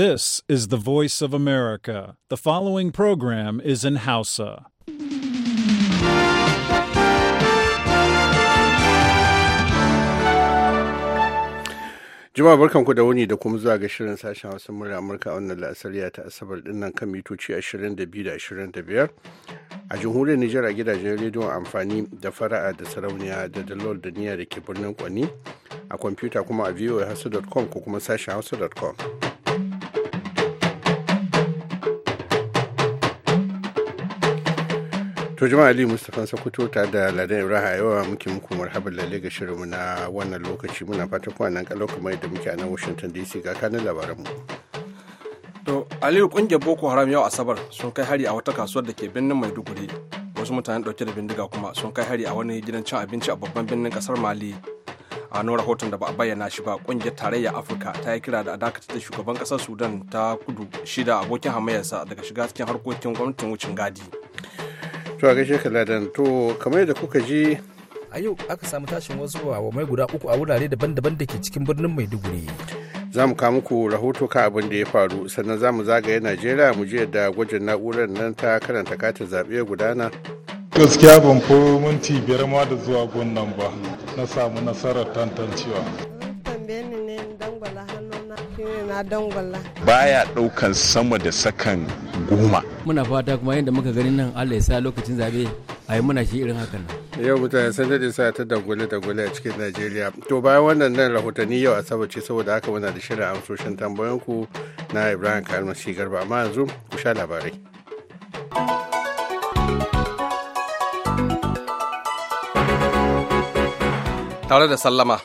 This is the voice of America. The following program is in Hausa. Jama'a barkanku da wuni da kuma zuwa ga shirin sashen Hausa murya Amurka a wannan la'asariya ta Asabar dinnan kan mitoci 22 da 25 a jamhuriyar Nijar a gidajen rediyon amfani da fara'a da sarauniya da dalol da niyya da ke birnin Kwani a kwamfuta kuma a voahasu.com ko kuma sashen hausa.com. to jama'a ali mustapha sokoto ta da ladan ibrahim a yawa muke muku marhaban lalle ga shirinmu na wannan lokaci muna fata kuma nan kalau kamar da muke a nan washington dc ga kanin labaranmu to aliyu kungiyar boko haram yau asabar sun kai hari a wata kasuwar da ke birnin maiduguri wasu mutane dauke da bindiga kuma sun kai hari a wani gidan cin abinci a babban birnin kasar mali a nuna rahoton da ba a bayyana shi ba kungiyar tarayya afirka ta yi kira da a dakata da shugaban kasar sudan ta kudu shida abokin hamayarsa daga shiga cikin harkokin gwamnatin wucin gadi to a gaishe ladan to kamar yadda kuka ji a yau aka samu tashin wasu wa mai guda uku a wurare daban-daban da ke cikin birnin maiduguri za mu kawo muku rahoto ka abin da ya faru sannan za mu zagaye najeriya mu je da gwajin na'urar nan ta karanta katin zaɓe gudana gaskiya ban fi minti biyar ma da zuwa gwannan ba na samu nasarar tantancewa na dangwala baya ɗaukan sama da sakan goma muna fata kuma yadda muka gani nan allah ya sa lokacin zabe a yi muna shi irin nan yau mutane sun daɗe sa ta dangwale-dangwale a cikin najeriya to bayan wannan nan rahotanni yau asabar ce saboda haka muna da shirin amsoshin tambayanku na ibrahim kalmasi garba amma yanzu ku sha labarai tare da sallama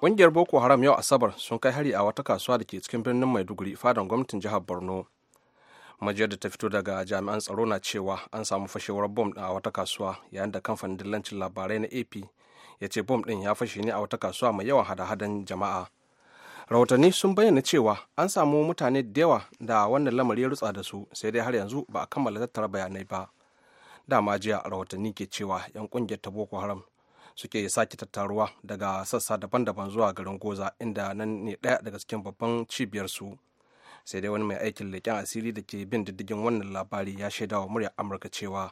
ƙungiyar boko haram yau asabar sun kai hari a wata kasuwa da ke cikin birnin maiduguri fadan gwamnatin jihar borno majiyar da ta fito daga jami'an tsaro na cewa an samu fashewar bom a wata kasuwa yayin da kamfanin dillancin labarai na ap ya ce bom ɗin ya fashe ne a wata kasuwa mai yawan hada-hadan jama'a rahotanni sun bayyana cewa an samu mutane da yawa da wannan lamari ya rutsa da su sai dai har yanzu ba a kammala tattara bayanai ba dama jiya rahotanni ke cewa 'yan kungiyar ta boko haram suke sake tattaruwa daga sassa daban-daban zuwa garin goza inda nan ne ɗaya daga cikin babban cibiyar su sai dai wani mai aikin leƙen asiri da ke bin diddigin wannan labari ya shaida wa muryar amurka cewa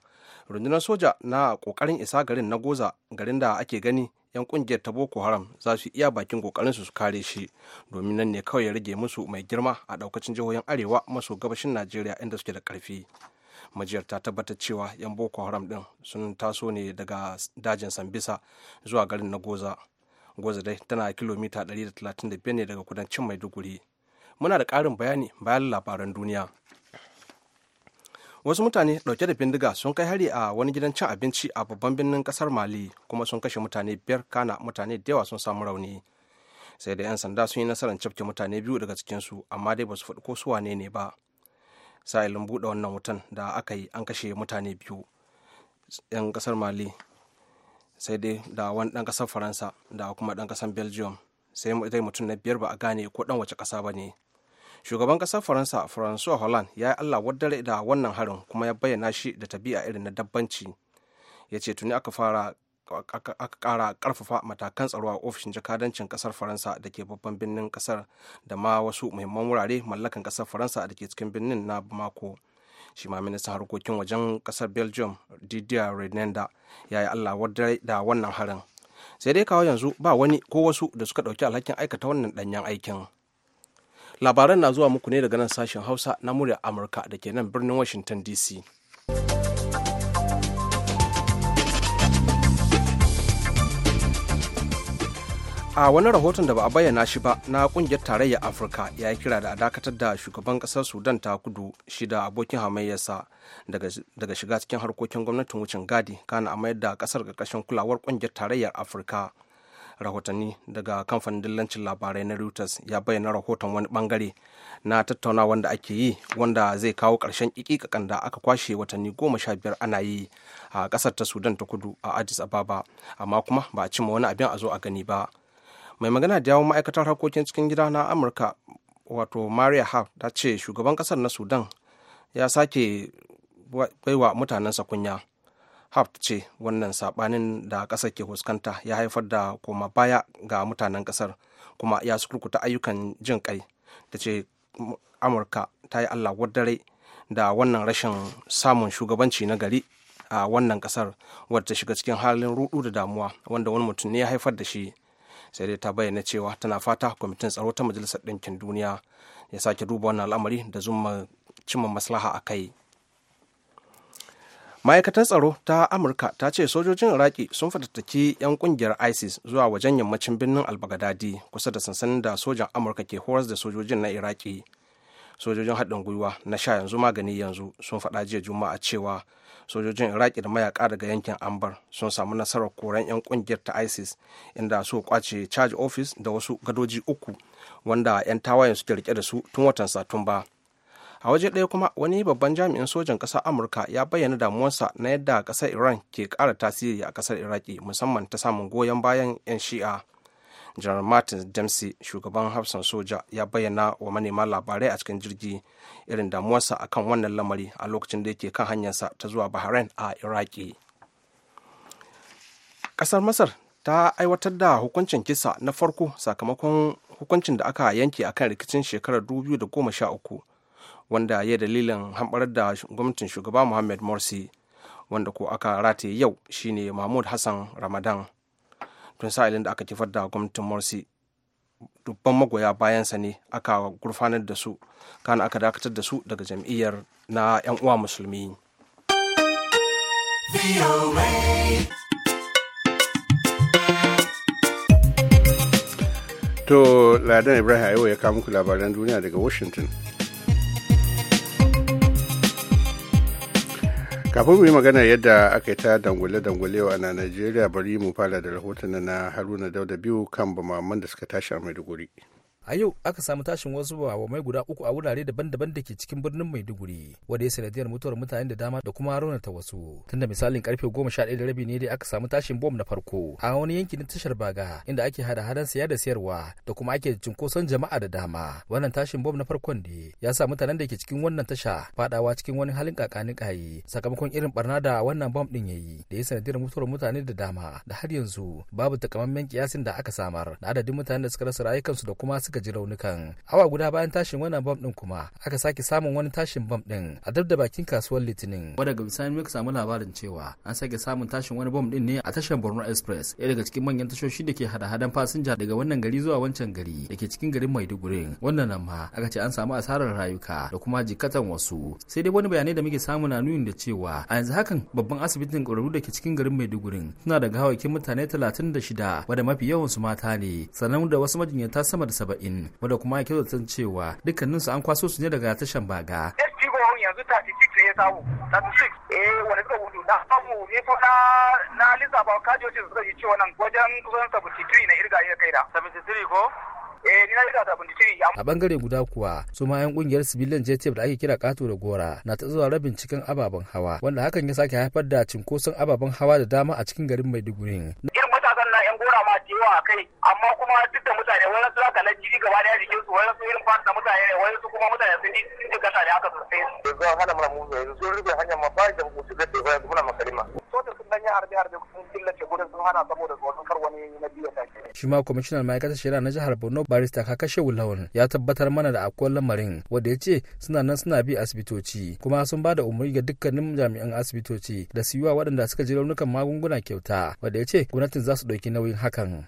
rundunar soja na ƙoƙarin isa garin na goza garin da ake gani yan kungiyar ta boko haram za su iya bakin kokarin su kare shi domin nan ne kawai ya rage musu mai girma a daukacin jihohin arewa maso gabashin najeriya inda suke da karfi majiyar ta tabbatar cewa yan boko haram din sun taso ne daga dajin sambisa zuwa garin na goza goza dai tana kilomita 135 ne daga kudancin maiduguri muna da ƙarin bayani bayan labaran duniya wasu mutane ɗauke da bindiga sun kai hari a wani gidan cin abinci a babban birnin ƙasar mali kuma sun kashe mutane biyar kana mutane da yawa sun samu rauni sai da 'yan sanda sun yi nasarar cafke mutane biyu daga cikinsu amma dai ba su faɗi ko su wane ne ba sa'ilin buɗe wannan wutan da aka yi an kashe mutane biyu 'yan ƙasar mali sai dai da wani ɗan ƙasar faransa da kuma ɗan ƙasar belgium sai dai mutum na biyar ba a gane ko ɗan wace ƙasa ba ne shugaban kasar faransa francois hollande ya yi allah wadare da wannan harin kuma ya bayyana shi da tabi'a irin na dabbanci ya ce tuni aka fara aka kara karfafa matakan tsaro a ofishin jakadancin kasar faransa da ke babban birnin kasar da ma wasu muhimman wurare mallakan kasar faransa da ke cikin birnin na mako shi ma ministan harkokin wajen kasar belgium didier renenda ya yi allah wadare da wannan harin sai dai kawo yanzu ba wani ko wasu da suka ɗauki alhakin aikata wannan ɗanyen aikin labaran na zuwa muku ne daga nan sashen hausa na murya amurka da ke nan birnin washington dc a wani rahoton da ba a bayyana shi ba na kungiyar tarayyar afirka ya yi kira da a dakatar da shugaban kasar sudan ta kudu shida abokin hamayyarsa daga shiga cikin harkokin gwamnatin wucin gadi kana a mayar da kasar ƙarƙashin kulawar kungiyar tarayyar afirka rahotanni daga kamfanin dillancin labarai na reuters ya bayyana rahoton wani bangare na tattauna wanda ake yi wanda zai kawo ƙarshen ƙiƙiƙaƙan da aka kwashe watanni goma sha biyar ana yi a ƙasar ta sudan ta kudu a addis ababa amma kuma ba a cimma wani abin a zo a gani ba mai magana da yawon ma'aikatar harkokin cikin gida na amurka wato maria harp ta ce shugaban ƙasar na sudan ya sake baiwa mutanensa kunya haft ce wannan sabanin da ƙasar ke fuskanta ya haifar da koma baya ga mutanen ƙasar kuma ya sukurkuta ayyukan jin kai da ce amurka ta yi allah dare da wannan rashin samun shugabanci na gari a wannan kasar wadda ta shiga cikin halin rudu da damuwa wanda wani mutum ne ya haifar da shi sai dai ta bayyana cewa tana fata kwamitin tsaro ta majalisar ɗinkin duniya ya sake duba wannan al'amari da zuma cimma maslaha a kai ma'aikatar tsaro ta amurka ta ce sojojin iraki sun fatattaki 'yan kungiyar isis zuwa wajen yammacin birnin albagadadi kusa da sansanin da sojan amurka ke horas da sojojin na iraki sojojin haɗin gwiwa na sha yanzu magani yanzu sun faɗa jiya juma'a cewa sojojin iraki da mayaka daga yankin ambar sun samu nasarar koren 'yan kungiyar ta isis inda su kwace charge office da wasu gadoji uku wanda 'yan tawayen suke rike da su tun watan satumba a waje ɗaya kuma wani babban jami'in sojan ƙasar amurka ya bayyana damuwarsa na yadda ƙasar iran ke ƙara tasiri a ƙasar iraki musamman ta samun goyon bayan 'yan shi'a janar martin dempsey shugaban hafsan soja ya bayyana wa manema labarai a cikin jirgi irin damuwarsa akan wannan lamari a lokacin da yake kan hanyarsa ta zuwa bahrain a iraki ƙasar masar ta aiwatar da hukuncin kisa na farko sakamakon hukuncin da aka yanke akan rikicin shekarar 2013 wanda ya dalilin hamɓarar da gwamnatin shugaba muhammad morsi wanda ko aka rataye yau shine mahmud hassan ramadan tun sa'ilin da aka kifar da gwamnatin morsi dubban magoya bayansa ne aka gurfanar da su kana aka dakatar da su daga jam'iyyar na 'yan uwa musulmi to ladan ibrahim ayo ya kawo muku labaran duniya daga washington kafin mu yi magana yadda aka yi ta dangwale wa na najeriya bari mu fara da rahoton na haruna dauda biyu kan bamaman da suka tashi a maiduguri a yau aka samu tashin wasu mai guda uku a wurare daban-daban da ke cikin birnin maiduguri wanda ya sanadiyar mutuwar mutane da dama da kuma raunata wasu tunda misalin karfe goma sha da rabi ne dai aka samu tashin bom na farko a wani yanki na tashar baga inda ake hada hadan siya da siyarwa da kuma ake cunkoson jama'a da dama wannan tashin bom na farkon ne ya sa mutanen da ke cikin wannan tasha fadawa cikin wani halin kakanin kayi sakamakon irin barna da wannan bom din yi da ya sanadiyar mutuwar mutane da dama da har yanzu babu takamaiman kiyasin da aka samar da adadin mutanen da suka rasa rayukansu da kuma suka suka ji raunukan awa guda bayan tashin wannan bam din kuma aka sake samun wani tashin bam din a dab da bakin kasuwar litinin wadda ga misali muka samu labarin cewa an sake samun tashin wani bam din ne a tashar borno express ɗaya daga cikin manyan tashoshi da ke hada-hadan fasinja daga wannan gari zuwa wancan gari da ke cikin garin maiduguri wannan nan ma aka ce an samu asarar rayuka da kuma jikatan wasu sai dai wani bayanai da muke samu na nuni da cewa a yanzu hakan babban asibitin ƙwararru da ke cikin garin maiduguri suna da gawakin mutane 36 wadda mafi yawansu mata ne sannan da wasu majinyata sama da 70 yankin wanda kuma ya kyautata cewa dukkaninsu an kwaso su ne daga tashan baga. yanzu 36 ya samu 36 eh, eh, a bangare guda kuwa su ma 'yan kungiyar sibilin jtf da ake kira kato da gora na ta zuwa rabin cikin ababen hawa wanda hakan ya sake haifar da cinkoson ababen hawa da dama a cikin garin maiduguri irin yan gora ma ta yawa a kai amma kuma duk da mutane wani su zaka na jiri gaba daya jikin su wani su irin fata da mutane ne wani su kuma mutane sun ji sun kasa da aka sosai. yanzu an hana mana mu yanzu sun rufe hanyar ma ba da mu su ga tefa yanzu muna makarima. dan yi harbe harbe sun killace gurin sun hana saboda tsoron kar wani na biyu ya shi ma kwamishinan ma'aikatar shari'a na jihar Borno barista Kakashe Wulawun ya tabbatar mana da akwai lamarin wanda ya ce suna nan suna bi asibitoci kuma sun ba da umarni ga dukkanin jami'an asibitoci da su yi wa waɗanda suka ji raunukan magunguna kyauta wanda ya ce gwamnatin za su ɗauki nauyin hakan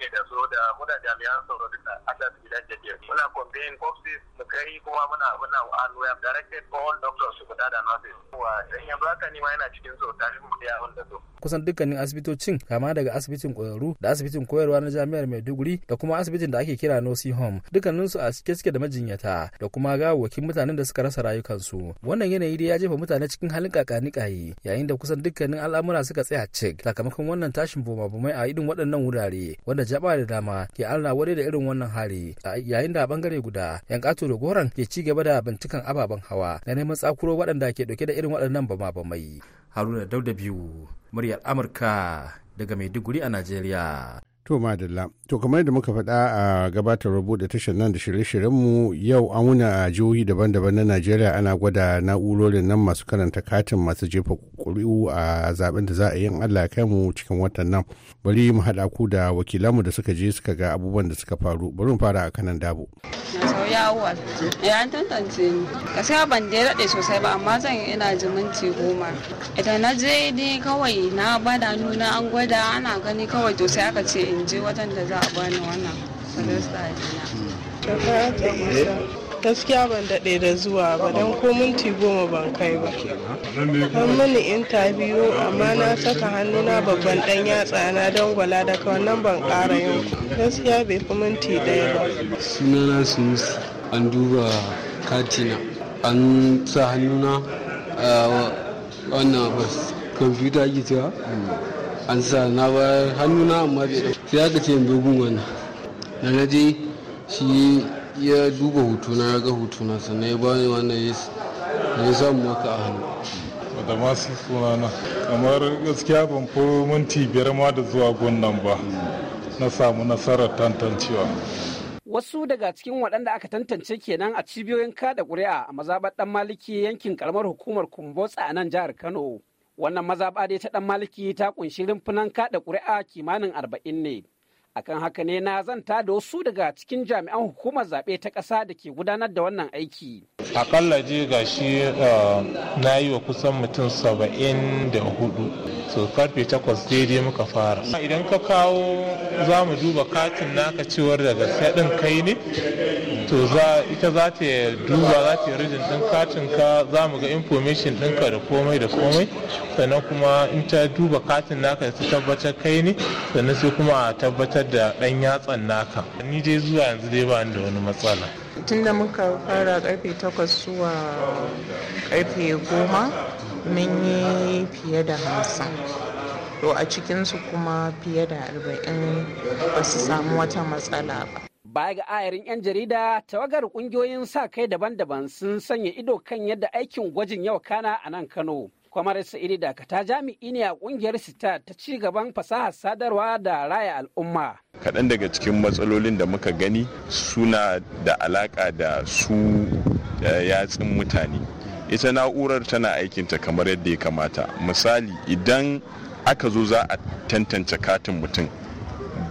ne da so da muna jami'an tsaro duka aka su gidan jajiyar muna kwambayin offices mu kai kuma muna muna hannu ya directed all doctors su guda da nurses kuma dan yanzu haka ni ma yana cikin so tare mu da wanda so kusan dukkanin asibitocin kama daga asibitin koyarwa da asibitin koyarwa na jami'ar Maiduguri da kuma asibitin da ake kira Nosi Home dukkanin su a cike suke da majinyata da kuma gawawwakin mutanen da suka rasa rayukansu wannan yanayi dai ya jefa mutane cikin halin kayi yayin da kusan dukkanin al'amura suka tsaya cik sakamakon wannan tashin boma-bomai a idin waɗannan wurare wanda jaba da dama ke Allah wadai da irin wannan hari yayin da bangare guda yan kato da goran ke ci gaba da bincikan ababen hawa da neman tsakuro waɗanda ke dauke da irin waɗannan bama-bamai. Haruna Dauda biyu muryar Amurka daga Maiduguri a nigeria. To Madalla, to kamar da muka faɗa a gabatar da tashar nan da shirye-shiryenmu yau an wuna a jihohi daban-daban na Najeriya ana gwada na'urorin nan masu karanta katin masu jefa ƙuri'u a zaben da za a yi in Allah kai mu cikin watan nan. bari mu haɗa ku da wakilanmu da suka je suka ga abubuwan da suka faru bari mu fara a kanan dabo sauya ya an tantance ni gaskiya ban da daɗe sosai ba amma zan ina jiminci goma idan na je ni kawai na bada nuna an gwada ana gani kawai to sai aka ce in je wajen da za a bani wannan salon gaskiya ban daɗe da zuwa ba don ko minti goma ban kai ba an mini intabiyo amma na saka hannuna babban ɗan yatsa na dangwala daga wannan ban ƙara yin gaskiya bai fi minti ɗaya ba sunana sunusi an duba katina an sa hannuna a wannan bas kwamfuta ake cewa mm. an sa na ba hannuna amma bai ɗauki sai aka ce dogon wannan da na je shi ya duba hutuna ya ga hutuna sannan ya bani wannan ya samu maka a hannu da masu sunana kamar gaskiya ban fi minti biyar ma da zuwa gunnan ba na samu nasarar tantancewa wasu daga cikin waɗanda aka tantance kenan a cibiyoyin kada ƙuri'a a mazaɓar ɗan maliki yankin ƙaramar hukumar kumbotsa a nan jihar kano wannan mazaɓa dai ta ɗan maliki ta ƙunshi rumfunan kada ƙuri'a kimanin arba'in ne akan haka ne na zanta da wasu daga cikin jami'an hukumar zaɓe ta ƙasa da ke gudanar da wannan aiki akalla je gashi eh, na yi wa kusan mutum saba'in da hudu To karfe takwas daidai muka fara idan ka kawo za mu duba katin naka cewar daga ɗin kai ne to za ita za ta duba za ta rijin ɗin katin ka za mu ga information ɗinka da komai da komai sannan kuma in ta duba katin naka ta tabbatar kai ne sannan sai kuma a tabbatar da ɗan yatsan naka ni dai zuwa yanzu dai ba da wani matsala Tunda muka fara karfe takwas zuwa karfe goma. mun yi fiye da hamsin to a cikinsu kuma fiye da arba'in ba su samu wata matsala ba baya ga ayarin 'yan jarida tawagar kungiyoyin sa kai daban-daban sun sanya ido kan yadda aikin gwajin yau kana a nan kano kwamar sa'idi dakata jami'i ne a kungiyar sita ta ci gaban fasahar sadarwa da raya al'umma kaɗan daga cikin matsalolin da muka gani suna da alaƙa da su eh, yatsun mutane ita na'urar tana aikinta kamar yadda ya kamata misali idan aka zo za a tantance katin mutum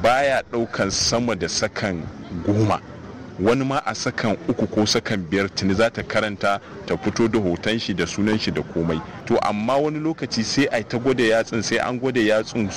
baya ɗaukan sama da sakan goma wani ma a sakan uku ko sakan biyar tuni za ta karanta ta fito da hoton shi da sunan shi da komai to amma wani lokaci sai a ta gwada yatsun sai an gwada yatsun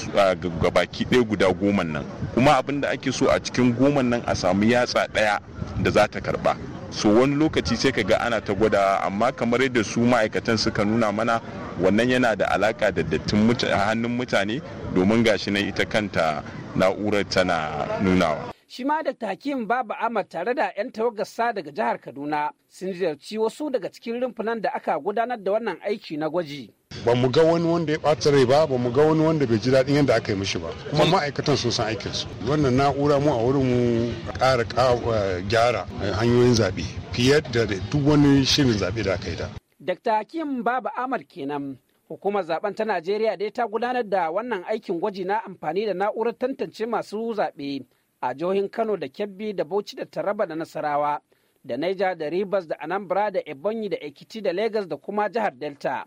ga baki ɗaya guda goman nan kuma abin da ake so a cikin goma nan a samu yatsa ɗaya da za ta karba so wani lokaci sai ka ga ana ta gwada amma kamar yadda su ma'aikatan suka nuna mana wannan yana da alaka da dattin hannun mutane domin gashi na ita kanta na'urar tana nunawa shi ma da hakim babu amar tare da 'yan tawagarsa daga jihar kaduna sun ziyarci wasu daga cikin rumfunan da aka gudanar da wannan aiki na gwaji ba mu ga wani wanda ya ɓata rai ba ba mu ga wani wanda bai ji daɗin yadda aka yi mishi ba kuma ma'aikatan sun san aikin su wannan na'ura mu a wurin mu ƙara eh, gyara eh, hanyoyin zaɓe fiye da duk wani shirin zaɓe da aka yi da. Dr. Hakim babu Ahmad kenan hukumar zaben ta Najeriya dai ta gudanar da wannan aikin gwaji na amfani da na'urar tantance masu zaɓe a jihohin Kano da Kebbi da Bauchi da Taraba da Nasarawa da Niger da Rivers da Anambra da Ebonyi da Ekiti da Lagos da kuma jihar Delta.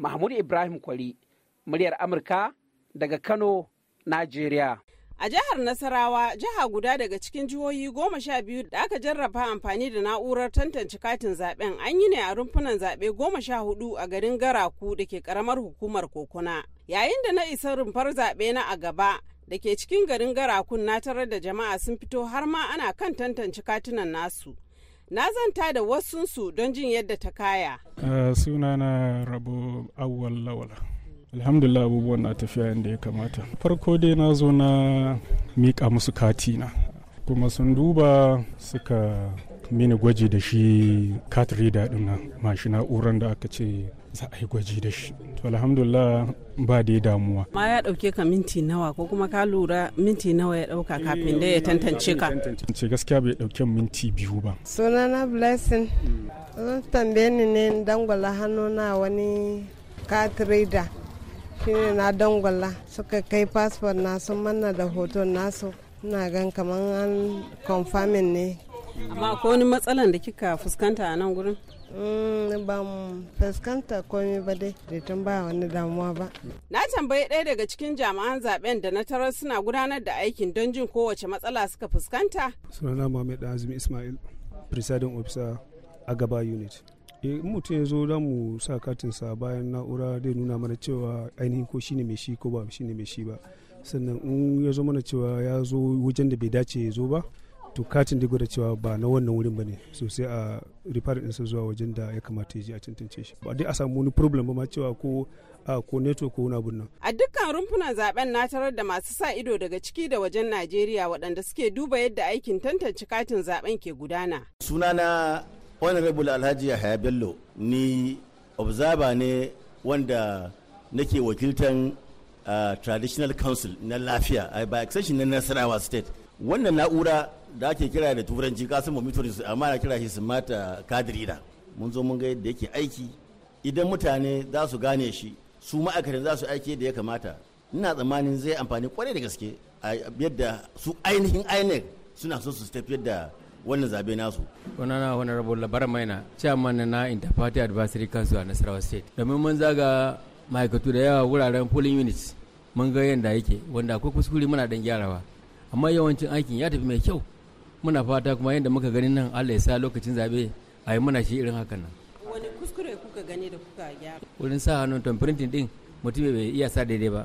mahmud ibrahim kwari muryar amurka daga kano najeriya A jihar Nasarawa, jiha guda daga cikin jihohi goma sha biyu da aka jarraba amfani da na'urar tantance katin zaben an yi ne a rumfunan zaɓe goma sha hudu a garin Garaku da ke karamar hukumar Kokuna. Yayin da na isa rumfar zaɓe na a gaba da ke cikin garin Garakun na tarar da jama'a sun fito har ma ana kan tantance katunan nasu. na zanta da wasunsu don jin yadda ta kaya. suna ah, sunana rabo awwal lawala alhamdulillah abubuwan na tafiya yadda ya kamata farko dai na zo na miƙa musu katina kuma sun duba suka mini gwaji da shi cat daɗin nan mashi na'uran da aka ce za a yi gwaji da shi to alhamdulillah ba da damuwa ma ya dauke ka minti nawa ko kuma ka lura minti nawa ya dauka kafin da ya eh, tantance ka tantance gaskiya bai dauke minti biyu ba sunana blessing hmm. zan tambaye ni ne dangwala hannu na wani katrida ne na dangwala suka kai passport na sun manna da hoton nasu na gan kamar an confirming ne amma akwai wani matsalan da kika fuskanta a nan gurin Mm, ban fuskanta komai ba dai da tun ba wani damuwa ba. Na tambayi ɗaya daga cikin jami'an zaben da na tarar suna gudanar da aikin don jin kowace matsala suka fuskanta. Sunana Muhammad Azumi Ismail, presiding officer a gaba unit. Eh, in mutum ya zo za mu sa katinsa bayan na'ura zai nuna mana cewa ainihin ko shine mai shi ko ba shine mai shi ba sannan in ya zo mana cewa ya zo wajen da bai dace ya zo ba to katin da gwada cewa ba na wannan wurin ba ne sosai a refer ɗinsa zuwa wajen da ya kamata ya je a tantance shi ba dai a samu wani problem ba ma cewa ko a ko neto ko wani abun A dukkan rumfunan zaben na tarar da masu sa ido daga ciki da wajen Najeriya waɗanda suke duba yadda aikin tantance katin zaben ke gudana. Sunana Honorable Alhaji Yahaya Bello ni observer ne wanda nake wakiltan traditional council na lafiya by extension na Nasarawa state. Wannan na'ura da ake kira da turanci kasan mu su amma ana kira shi su mata kadirina mun zo mun ga yadda yake aiki idan mutane za su gane shi su ma'aikatan za su aiki da ya kamata ina tsammanin zai amfani kwarai da gaske yadda su ainihin inec suna so su tafiyar da wannan zabe nasu. wani rabu Labar Maina, Chairman na Interparty Advisory Council a Nasarawa State. Domin mun zaga ma'aikatu da yawa wuraren polling units mun ga yadda yake wanda akwai kuskure muna dan gyarawa. Amma yawancin aikin ya tafi mai kyau muna fata kuma yadda muka gani nan allah ya sa lokacin zabe a yi muna shi irin haka nan wani kuskure kuka gani da kuka gyara wurin sa hannun ton printing din mutum bai iya sa daidai ba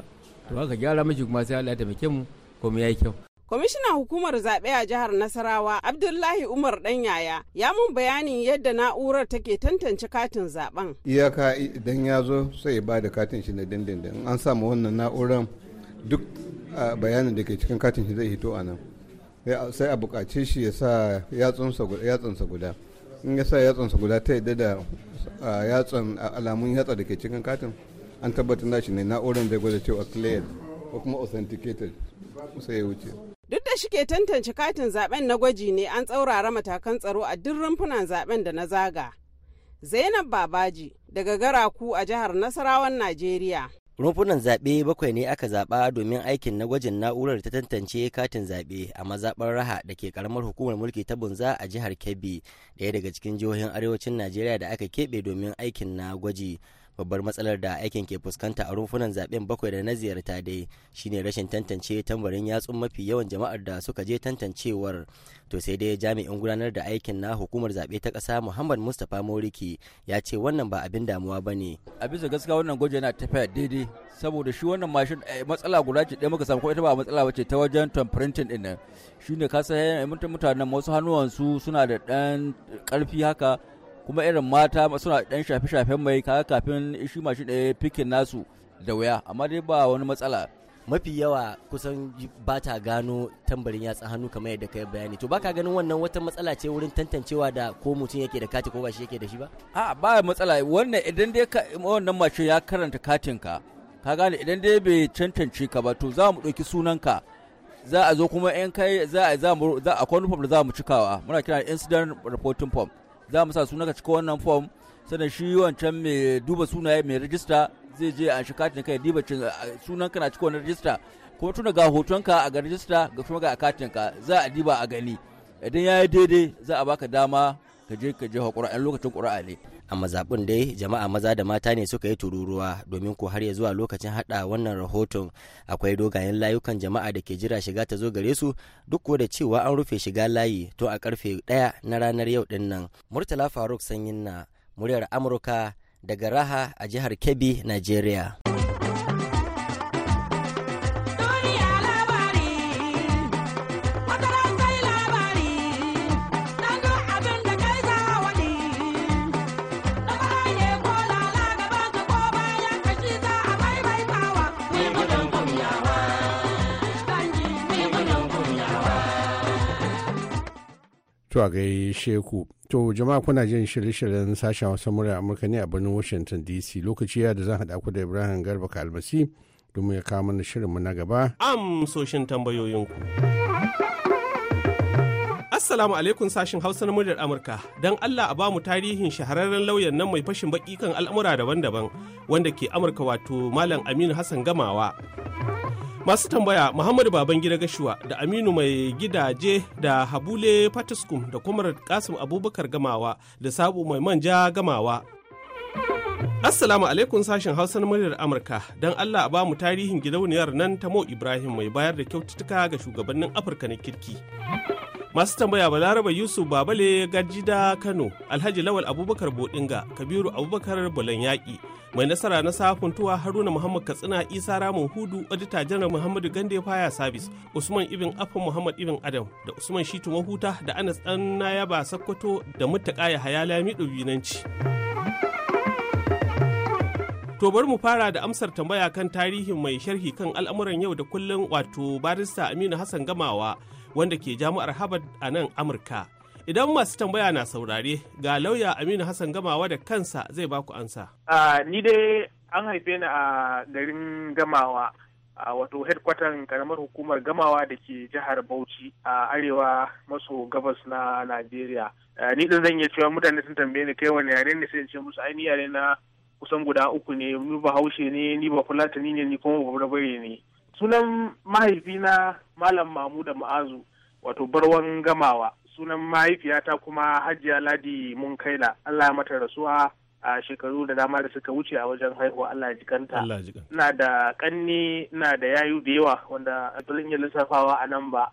to haka gyara mashi kuma sai allah ya taimake mu ko mu yayi kyau Kwamishinan hukumar zaɓe a jihar Nasarawa Abdullahi Umar Ɗanyaya ya mun bayanin yadda na'urar take tantance katin zaben. Iyaka idan ya zo sai ba da katin shi na dindindin. An samu wannan na'urar duk ah, bayanin da ke cikin katin shi zai hito a nan. sai a bukaci shi ya sa yatsunsa guda in ya sa yatsunsa guda ta yadda da yatsun alamun yatsa da ke cikin katin an tabbatar da shi ne na'urar da gwada cewa cleared ko kuma authenticated sai ya wuce duk da shike tantance katin zaben na gwaji ne an tsaurara matakan tsaro a duk rumfunan zaben da na zaga zainab babaji daga garaku a jihar nasarawan najeriya rumfunan zaɓe bakwai ne aka zaɓa domin aikin na gwajin na'urar ta tantance katin zaɓe a mazaɓar raha da ke karamar hukumar mulki ta bunza a jihar kebbi ɗaya daga cikin jihohin arewacin najeriya da aka keɓe domin aikin na gwaji babbar matsalar da aikin ke fuskanta a rumfunan zaben bakwai da na ziyarta dai shine rashin tantance tambarin yatsun mafi yawan jama'ar da suka je tantancewar to sai dai jami'in gudanar da aikin na hukumar zaɓe ta ƙasa muhammad mustapha moriki ya ce wannan ba abin damuwa ba ne a bisa gaskiya wannan gwaji yana tafiya daidai saboda shi wannan mashin eh, matsala guda ce ɗaya muka samu ko ita ba matsala bace ta wajen tamfrintin ɗin nan shine ka san eh, mutanen wasu hannuwansu suna da ɗan ƙarfi haka kuma irin mata suna dan shafe-shafen mai kaga kafin shi mashin ɗaya fikin nasu da wuya amma dai ba wani matsala mafi yawa kusan ba ta gano tambarin yatsa hannu kamar yadda kai bayani to baka ganin wannan wata matsala ce wurin tantancewa da ko mutum yake da kati ko ba shi yake da shi ba a ba matsala wannan idan dai wannan mace ya karanta katin ka ka gane idan dai bai tantance ka ba to za mu ɗauki sunanka za a zo kuma yan kai za a za a akwai form da za mu cikawa muna kira incident reporting form za mu sa suna ka cika wannan form sannan shi wancan mai duba sunaye mai rajista zai je a shika katin kai diba sunan kana cika wannan rajista kuma tuna ga hotonka a ga rajista ga kuma ga a katin ka za a diba a gani idan ya yi daidai za a baka dama ka je ka je lokacin ƙura'a ne a mazaɓin dai jama'a maza da mata ne suka yi tururuwa domin ko har ya zuwa lokacin haɗa wannan rahoton akwai dogayen layukan jama'a da ke jira shiga ta zo gare su duk ko da cewa an rufe shiga layi to a karfe ɗaya na ranar yau din nan murtala faruk sanyin na muryar amurka daga raha a jihar kebbi nigeria zuwa a sheku. To jama'a kuna jin shirye-shiryen sashen wasan murya Amurka ne a birnin Washington DC lokaci ya da zan haɗa ku da Ibrahim Garba Kalmasi domin ya kawo mana shirinmu na gaba. Amsoshin tambayoyinku. Assalamu alaikum sashin Hausa na muryar Amurka. Don Allah a ba mu tarihin shahararren lauyan nan mai fashin baki kan al'amura daban-daban wanda ke Amurka wato Malam Aminu Hassan Gamawa. Masu tambaya Muhammadu Babangida Gashuwa da Aminu Mai Gidaje da Habule Fatiskum da kuma Kasim Abubakar Gamawa da Sabu Mai Manja Gamawa. Assalamu alaikum sashen Hausa na muryar Amurka don Allah a bamu tarihin gidauniyar nan ta Mo Ibrahim mai bayar da kyaututtuka ga shugabannin Afirka na kirki. Masu tambaya Balaraba Yusuf Babale Gajida Kano, Alhaji Lawal Abubakar Bodinga, Kabiru Abubakar Bulan Yaƙi, mai nasara na safin tuwa Haruna Muhammad Katsina Isa Ramun Hudu, Adita Janar Muhammadu Gande Faya service Usman Ibn Afan Muhammad Ibn Adam, da Usman Shitu Mahuta da Anas Dan Nayaba Sakkwato da ya Yahaya Lamido Binanci. To bari mu fara da amsar tambaya kan tarihin mai sharhi kan al'amuran yau da kullum wato barista Aminu Hassan Gamawa wanda ke jami'ar Harvard a nan Amurka. Idan masu tambaya na saurare ga lauya Aminu Hassan Gamawa da kansa zai baku ansa. ni dai an haife ni a garin Gamawa, wato headkwatan karamar hukumar Gamawa da ke jihar Bauchi a arewa maso gabas na Najeriya. ni din zan iya cewa mutane sun tambaye ni kai wani yare ne sai ce musu ainihi yare na kusan guda uku ne ni ba haushe ne ni ba fulatani ne ni kuma ba ne sunan mahaifina malam mamu da ma'azu wato barwan gamawa sunan mahaifiyata kuma hajiya ladi mun kaila allah mata rasuwa a shekaru da dama da suka wuce a wajen haihuwa allah jikanta na da kanni na da yayu da yawa wanda abin ya lissafawa a nan ba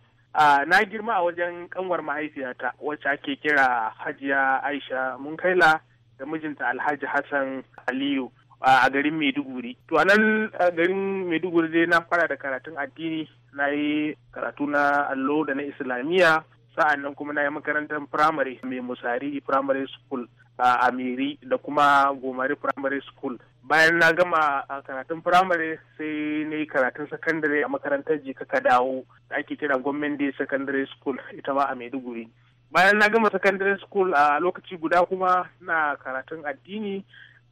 na girma a wajen kanwar mahaifiyata wacce ake kira hajiya aisha mun kaila da mijinta alhaji hassan aliyu a garin Maiduguri. To a nan garin Maiduguri dai na fara da karatun addini na yi karatu na allo da na islamiyya sa'an nan kuma na yi makarantar firamare mai musari primary school a amiri da kuma gomari primary school bayan na gama a karatun firamare sai na yi karatun sakandare a makarantar jika ka dawo da ake kira gwamnan day secondary school ita ma a maiduguri bayan na gama secondary school a lokaci guda kuma na karatun addini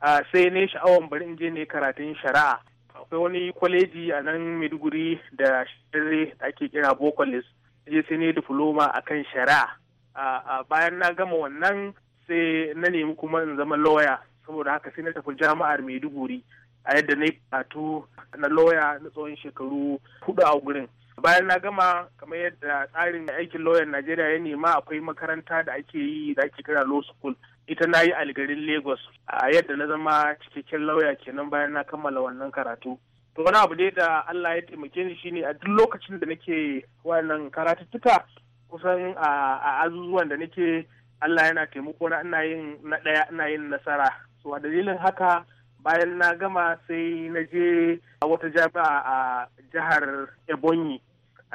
sai ne sha'awan bari in je ne karatun shari'a akwai wani kwaleji a nan maiduguri da shirye da ake kira bokolis je sai ne diploma akan shari'a bayan na gama wannan sai na nemi kuma in zama lawyer saboda haka sai na tafi jama'ar maiduguri a yadda na yi batu na lawyer na tsawon shekaru hudu a gurin bayan na gama kamar yadda tsarin aikin lawyer najeriya ya nema akwai makaranta da ake yi da ake kira law school ita na yi algarin lagos a yadda na zama cikakken lauya kenan bayan na kammala wannan karatu to wani abu ne da allah ya taimake ni shine a duk lokacin da nake wannan karatuttuka kusan a azuzuwan da nake allah yana taimako na ina yin na daya ina yin nasara so a dalilin haka bayan na gama sai na je a wata jami'a a jihar ebonyi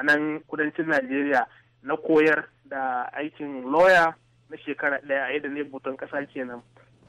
a nan kudancin najeriya na koyar da aikin lawyer na shekara ɗaya a yadda ne butan ƙasa kenan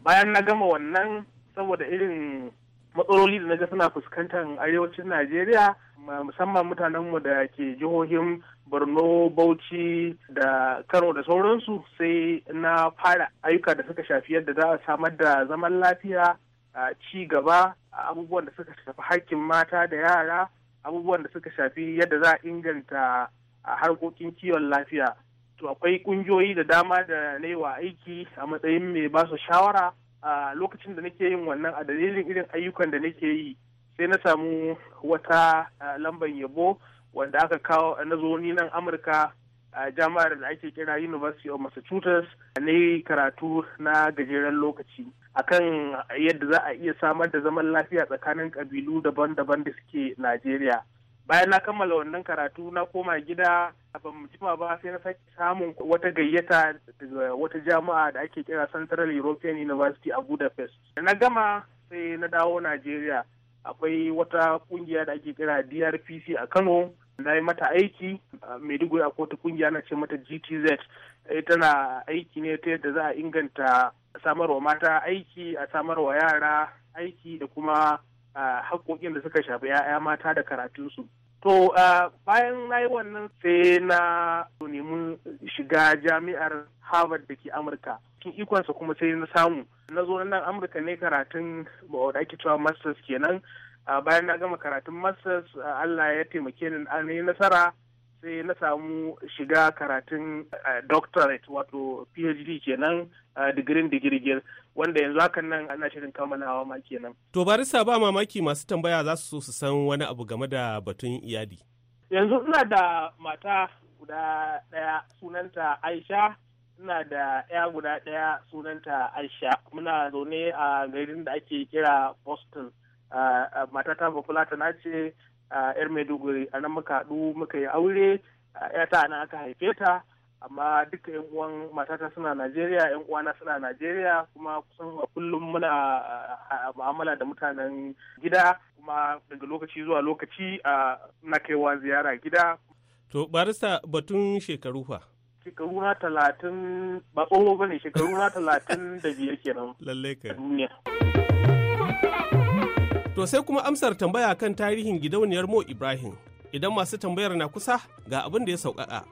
bayan na gama wannan saboda irin matsaloli da na ga suna fuskantar arewacin najeriya musamman mutanenmu da ke jihohin borno bauchi da kano da sauransu sai na fara ayyuka da suka shafi yadda za a samar da zaman lafiya a ci gaba a abubuwan da suka shafi hakkin mata da yara abubuwan da suka shafi yadda za a inganta harkokin kiwon lafiya to akwai kungiyoyi da dama da na yi wa aiki a matsayin mai ba su shawara a lokacin da nake yin wannan a dalilin irin ayyukan da nake yi sai na samu wata lambar yabo wanda aka kawo na zo ni nan amurka a jami'ar da ake kira university of massachusetts ne karatu na gajeren lokaci akan yadda za a iya samar da zaman lafiya tsakanin kabilu daban-daban da suke najeriya bayan na kammala wannan karatu na koma gida ban mu jima ba sai na sake samun wata gayyata daga wata jami'a da ake kira Central European University a Budapest da na gama sai na dawo Najeriya akwai wata kungiya da ake kira DRPC a Kano na yi mata aiki Maiduguri a kotu kungiya na ce mata GTZ eh, tana aiki ne ta yadda za a inganta samarwa mata aiki a samarwa yara aiki da kuma haƙoƙin da suka shafi 'ya'ya mata da karatunsu. To bayan na yi wannan sai na nemi shiga jami'ar Harvard da ke Amurka. Cikin ikonsa kuma sai na samu. Na zo nan Amurka ne karatun da ake cewa masters kenan. Bayan na gama karatun masters Allah ya taimake ni na nasara. sai na samu shiga karatun eh, doctorate wato phd kenan eh, digirin digirgir wanda yanzu hakan nan ana shirin kammalawa ma kenan. to barista ba mamaki masu tambaya za su so su san wani abu game da batun iyali. yanzu ina da mata guda ɗaya sunanta aisha ina da ya guda ɗaya sunanta aisha muna zaune a garin da ake kira boston eh, matata bakulata na ce a yar maiduguri a nan muka haɗu muka yi aure yata nan aka haife ta amma duka yan uwan matata suna najeriya yan uwana suna najeriya kuma kusan a kullum muna mu'amala da mutanen gida kuma daga lokaci zuwa lokaci na kaiwa ziyara gida to barista batun shekaru fa shekaru na talatin ba tsoho bane shekaru na talatin da biyar kenan lallai ka duniya To sai kuma amsar tambaya kan tarihin gidauniyar Mo Ibrahim. Idan masu tambayar na kusa ga abin da ya sauƙaƙa.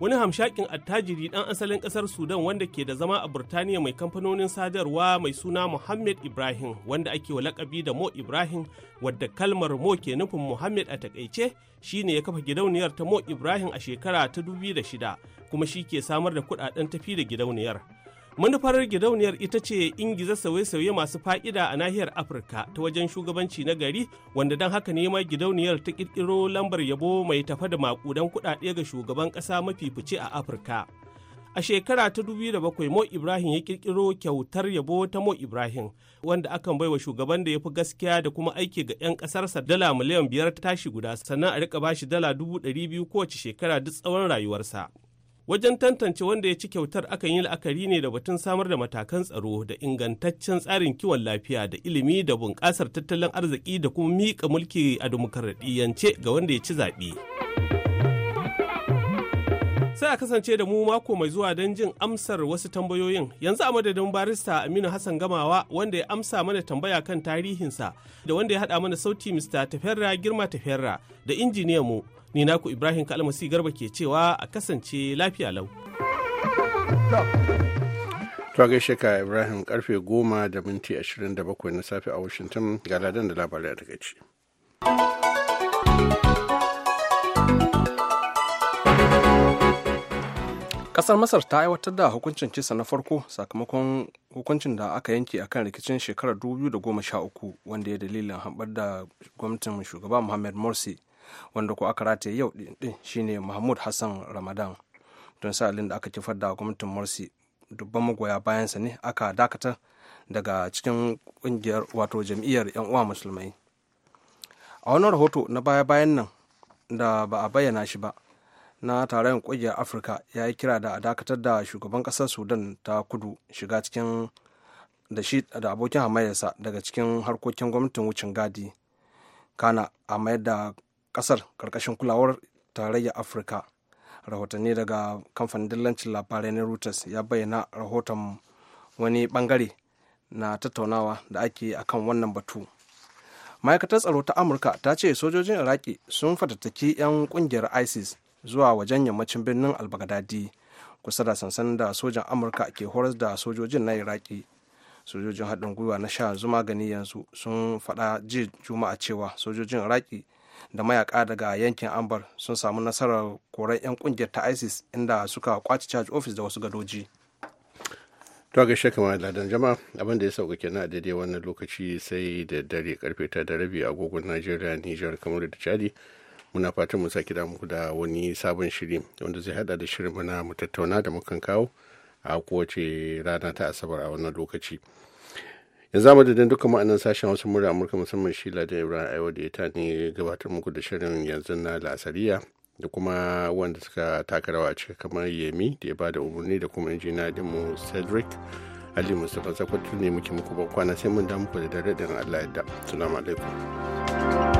Wani hamshakin attajiri ɗan asalin ƙasar Sudan wanda ke da zama a Burtaniya mai kamfanonin sadarwa mai suna Mohammed Ibrahim wanda ake wa lakabi da Mo Ibrahim wadda kalmar Mo ke nufin Mohammed a takaice ne ya kafa gidauniyar ta Mo Ibrahim a shekara ta 2006 kuma shi ke samar da kuɗaɗen tafi da gidauniyar. manufar gidauniyar ita ce ingiza sauye-sauye masu fa'ida a nahiyar afirka ta wajen shugabanci na gari wanda don haka ne ma gidauniyar ta kirkiro lambar yabo mai tafa da makudan kudade ga shugaban kasa mafi fice a afirka a shekara ta 2007 mo ibrahim ya kirkiro kyautar yabo ta mo ibrahim wanda akan baiwa shugaban da ya fi gaskiya da kuma aiki ga 'yan kasarsa dala miliyan biyar tashi guda sannan a rika bashi dala dubu ɗari biyu kowace shekara duk tsawon rayuwarsa Wajen tantance wanda ya ci kyautar akan yi la'akari ne da batun samar da matakan tsaro da ingantaccen tsarin kiwon lafiya da ilimi da bunƙasar tattalin arziki da kuma miƙa mulki a dimokuraɗiyyance ga wanda ya ci zaɓe. Sai a kasance da mu mako mai zuwa don jin amsar wasu tambayoyin. Yanzu a madadin barista Aminu Hassan Gamawa wanda ya amsa mana tambaya kan tarihinsa da wanda ya haɗa mana sauti Mr. Tafera Girma Tafera da injiniyan mu. Ni naku Ibrahim Kalmasi Garba ke cewa a kasance lafiya lau. To gaishe ka Ibrahim karfe goma da minti 27 na safe a Washington ga ladan da labarai daga ci. Kasar Masar ta aiwatar da hukuncin kisa na farko sakamakon hukuncin da aka yanke a kan rikicin shekarar 2013 wanda ya dalilin haɓar da gwamnatin shugaba Muhammad Morsi wanda ko aka rataye yau din shine mahmud hassan ramadan don sa'alin da aka kifar da gwamnatin morsi dubban magoya bayansa ne aka dakatar daga cikin kungiyar wato jam'iyyar 'yan uwa musulmai a wani rahoto na baya-bayan nan da ba a bayyana shi ba na tarayyar kungiyar afirka ya yi kira da a dakatar da shugaban kasar sudan ta kudu shiga cikin da shi da abokin hamayyarsa daga cikin harkokin gwamnatin wucin gadi kana a mayar da kasar karkashin kulawar tarayyar afirka rahotanni daga kamfanin dillancin labarai na reuters ya bayyana rahoton wani bangare na tattaunawa da ake a kan wannan batu ma'aikatar tsaro ta amurka ta ce sojojin iraki sun fatattaki 'yan kungiyar isis zuwa wajen yammacin birnin albagadadi kusa da sansanin da sojan amurka ke horar da sojojin na iraki sojojin haɗin gwiwa na sha zuma gani yanzu sun faɗa ji juma'a cewa sojojin iraki da mayaka daga yankin ambar sun samu nasarar korar 'yan kungiyar ta isis inda suka kwace charge office da wasu gadoji to gaishe kamar ladan jama'a abin da ya sauka kenan a daidai wannan lokaci sai da dare karfe ta da rabi agogon najeriya nijar kamar da chadi muna fatan mu sake da muku da wani sabon shiri wanda zai hada da shirin muna mu tattauna da mukan kawo a kowace rana ta asabar a wannan lokaci yanzu a da dukkan ma'anan sashen wasu murya amurka musamman shi da ibrahim aiwa da ya ne gabatar muku da shirin yanzu na lasariya da kuma wanda suka taka rawa a cikin kamar yemi da ya bada umarni da kuma injina dinmu cedric ali mustapha sakwatu ne muke muku kwana sai mun damu da dare da allah ya da alaikum